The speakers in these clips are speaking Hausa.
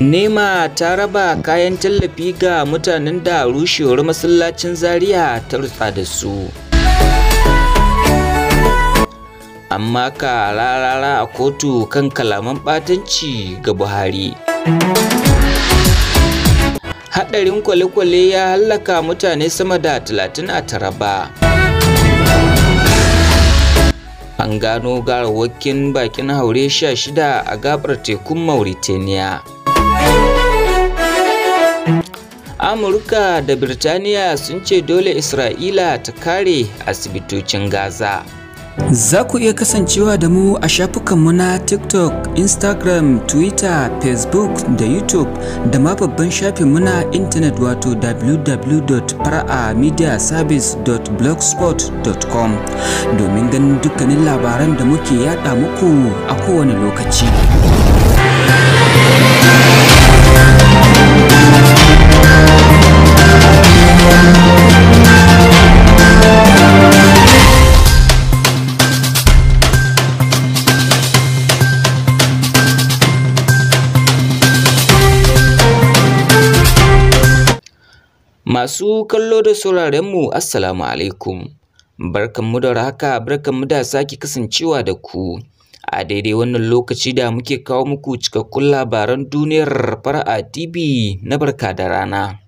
nema ta raba kayan tallafi ga mutanen da rushewar masallacin zaria ta rutsa da su amma ka rarara a kotu kan kalaman ɓatanci ga buhari haɗarin kwale-kwale ya hallaka mutane sama da talatin a taraba an gano garawakin bakin haure 16 a gabar tekun mauritania amurka da birtaniya sun ce dole isra'ila ta kare asibitocin gaza za ku iya kasancewa da mu a shafukanmu na tiktok instagram twitter facebook da youtube da ma babban shafinmu na intanet wato www.fara'amediaservice.blogspot.com domin ganin dukkanin labaran da muke yada muku a kowane lokaci Masu kallo da sauraren mu Assalamu alaikum. Barkanmu da haka barkanmu da sake kasancewa da ku. A daidai wannan lokaci da muke kawo muku cikakkun labaran duniyar fara'a TV na barka da rana.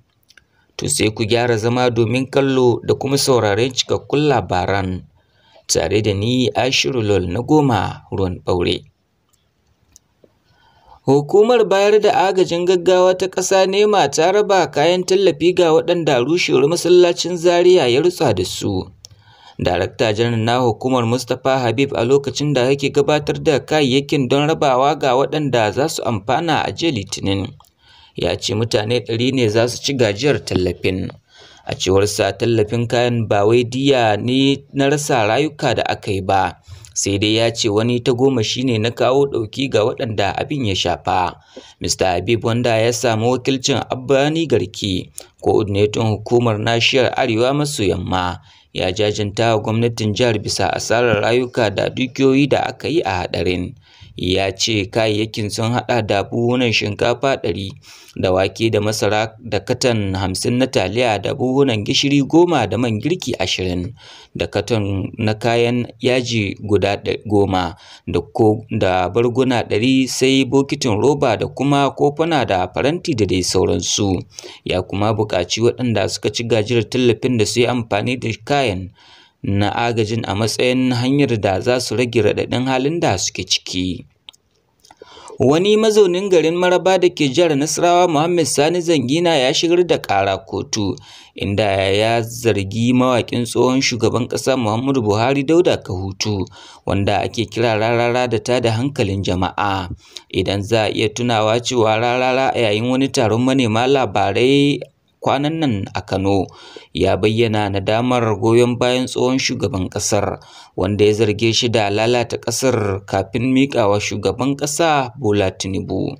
To sai ku gyara zama domin kallo da kuma sauraren cikakkun labaran. Tare da ni Ashirulol na goma ruwan ɓaure. Hukumar Bayar da Agajin Gaggawa ta Ƙasa NEMA ta raba kayan tallafi ga waɗanda rushewar masallacin Zaria ya rutsa da su. Darakta janar na hukumar Mustapha Habib a lokacin da yake gabatar da kayayyakin don rabawa ga waɗanda za su amfana a jiya Litinin. Ya ce mutane ɗari ne za su ci gajiyar tallafin. A cewarsa tallafin kayan ba wai diya ne na rasa rayuka da aka yi ba. sai dai ya ce wani ta goma shine na kawo ɗauki ga waɗanda abin ya shafa mr habib wanda ya samu wakilcin abbani garki ko coordinator hukumar nashiyar arewa masu yamma ya jajanta wa gwamnatin jihar bisa asarar rayuka da dukiyoyi da aka yi a haɗarin ya ce kayayyakin sun haɗa da buhunan shinkafa ɗari da wake da masara da katon hamsin na taliya da buhunan gishiri goma da man girki ashirin da katon na kayan yaji guda goma da barguna ɗari sai bokitin roba da kuma kofuna da faranti da dai sauransu ya kuma buƙaci waɗanda suka ci gajiyar tallafin da su yi amfani da kayan na agajin a matsayin hanyar da za su rage raɗaɗin halin da suke ciki. Wani mazaunin garin Maraba da ke jihar Nasarawa Muhammad Sani Zangina ya shigar da ƙara kotu inda ya zargi mawaƙin tsohon shugaban ƙasa Muhammadu Buhari Dauda Kahutu wanda ake kira rarara da ta da hankalin jama'a. Idan za a iya tunawa cewa rarara a yayin wani taron manema labarai kwanan nan a Kano ya bayyana nadamar goyon bayan tsohon shugaban ƙasar wanda ya zarge shi da lalata ƙasar kafin miƙawa shugaban ƙasa Bola Tinubu.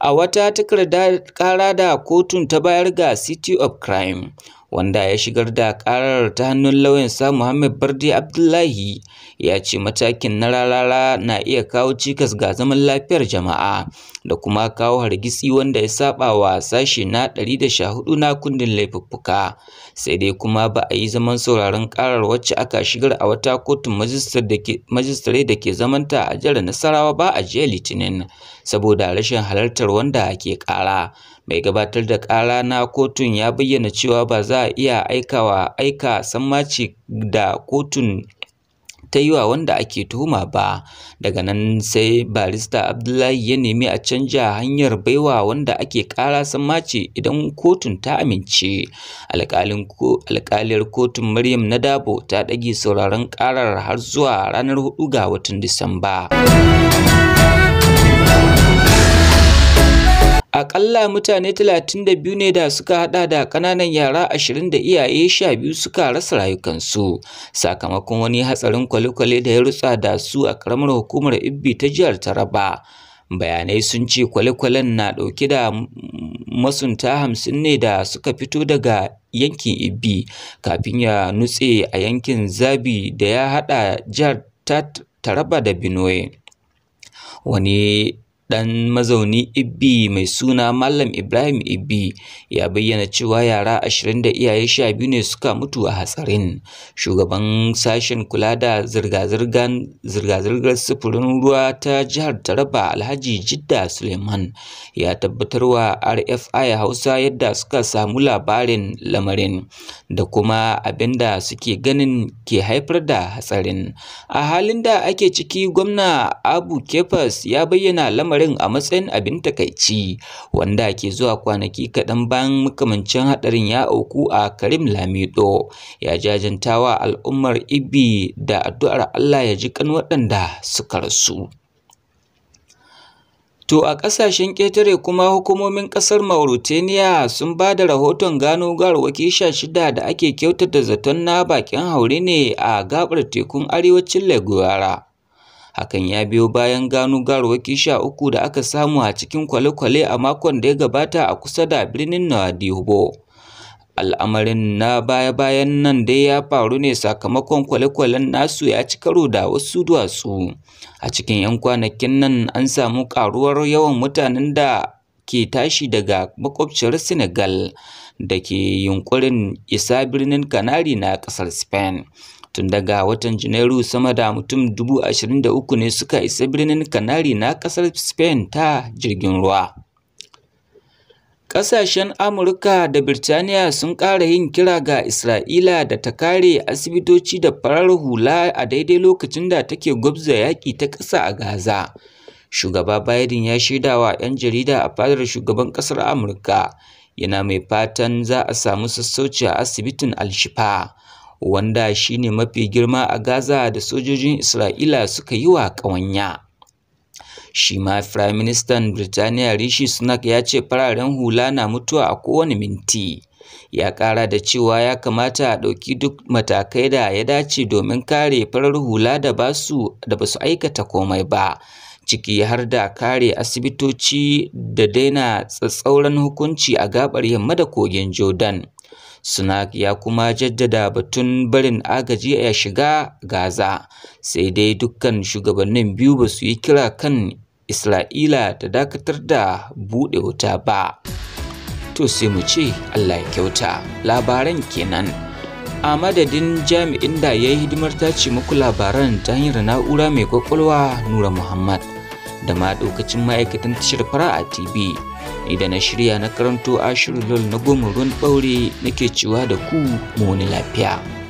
A wata takarda ƙara da kotun ta bayar ga City of Crime wanda ya shigar da ƙarar ta hannun lauyansa Muhammad Barde Abdullahi ya ce matakin na rarara na iya kawo cikas ga zaman lafiyar jama'a da kuma kawo hargitsi wanda ya saba wa sashe na 114 na kundin laifuffuka sai dai kuma ba a yi zaman sauraron karar wacce aka shigar a wata kotun majistare da ke zamanta a jihar Nasarawa ba a jiya Litinin saboda rashin halartar wanda ke kara mai gabatar da kara na kotun ya bayyana cewa ba za a iya aikawa aika sammaci da kotun ta yi wa wanda ake tuhuma ba daga nan sai barista abdullahi ya nemi a canja hanyar baiwa wanda ake kara sammaci idan kotun ta amince alƙaliyar kotun maryam na dabo ta ɗage sauraron karar har zuwa ranar 4 ga watan disamba Aƙalla mutane 32 ne da suka haɗa da ƙananan yara 20 da iyaye 12 suka rasa rayukansu sakamakon wani hatsarin kwale-kwale da ya rutsa da su a ƙaramar hukumar Ibbi ta jihar Taraba. Bayanai sun ce kwale-kwalen na ɗauke da masunta hamsin ne da suka fito daga yankin Ibbi kafin ya nutse a yankin Zabi da ya haɗa jihar Taraba da Benue. Wani ɗan mazauni Ibbi mai suna Malam Ibrahim Ibbi ya bayyana cewa yara 20 da iyaye 12 ne suka mutu a hatsarin. Shugaban sashen kula da zirga-zirgar sufurin ruwa ta jihar Taraba Alhaji Jidda Suleiman ya tabbatar wa RFI Hausa yadda suka samu labarin lamarin da kuma abinda suke ganin ke haifar da hatsarin. A halin da ake ciki gwamna Abu Kefas ya bayyana lamarin lamarin a matsayin abin takaici wanda ke zuwa kwanaki kaɗan bayan makamancin haɗarin ya auku a Karim Lamido ya jajantawa al'ummar Ibi da addu'ar Allah ya ji kan waɗanda suka rasu. To a ƙasashen ƙetare kuma hukumomin ƙasar Mauritania sun ba da rahoton gano garwaki sha shida da ake kyautata zaton na bakin haure ne a gaɓar tekun arewacin leguara Hakan ya biyo bayan gano garwaki sha uku da aka samu a cikin kwale-kwale a makon da ya gabata a kusa da birnin Nadibo. Al'amarin na baya-bayan nan dai ya faru ne sakamakon kwale-kwalen nasu ya ci karo da wasu duwatsu. A cikin 'yan kwanakin nan an samu ƙaruwar yawan mutanen da ke tashi daga makwabciyar Senegal da ke yunƙurin isa birnin kanari na ƙasar Spain. Tun daga watan Janairu sama da mutum da uku ne suka isa birnin kanari na kasar Spain ta jirgin ruwa. Ƙasashen Amurka da Birtaniya sun ƙara yin kira ga Isra'ila da ta kare asibitoci da farar hula a daidai lokacin da take gwabza yaƙi ta ƙasa a Gaza. Shugaba Biden ya shaidawa 'yan jarida a fadar shugaban ƙasar Amurka, yana mai fatan za a samu sassauci a asibitin Alshifa. wanda shine mafi girma a Gaza da sojojin Isra'ila suka yi wa ƙawanya. Shi ma Firaministan Birtaniya Rishi Sunak ya ce fararen hula na mutuwa a kowane minti. Ya ƙara da cewa ya kamata a ɗauki duk matakai da ya dace domin kare farar hula da ba su aikata komai ba, ciki har da kare asibitoci da daina tsatsauran hukunci a gabar yamma da kogin Jordan. Sunak ya kuma jaddada batun barin agaji ya shiga Gaza, sai dai dukkan shugabannin biyu ba su yi kira kan Isra'ila ta dakatar da buɗe wuta ba. To sai mu ce Allah ya kyauta labaran kenan. A madadin jami'in da ya yi hidimar ta ce muku labaran ta hanyar na'ura mai kwakwalwa Nura Muhammad. da ma ɗaukacin ma'aikatan tashar fara a tv ni da na shirya na karanto ashirin na goma ruwan ɓaure nake cewa da ku mu wani lafiya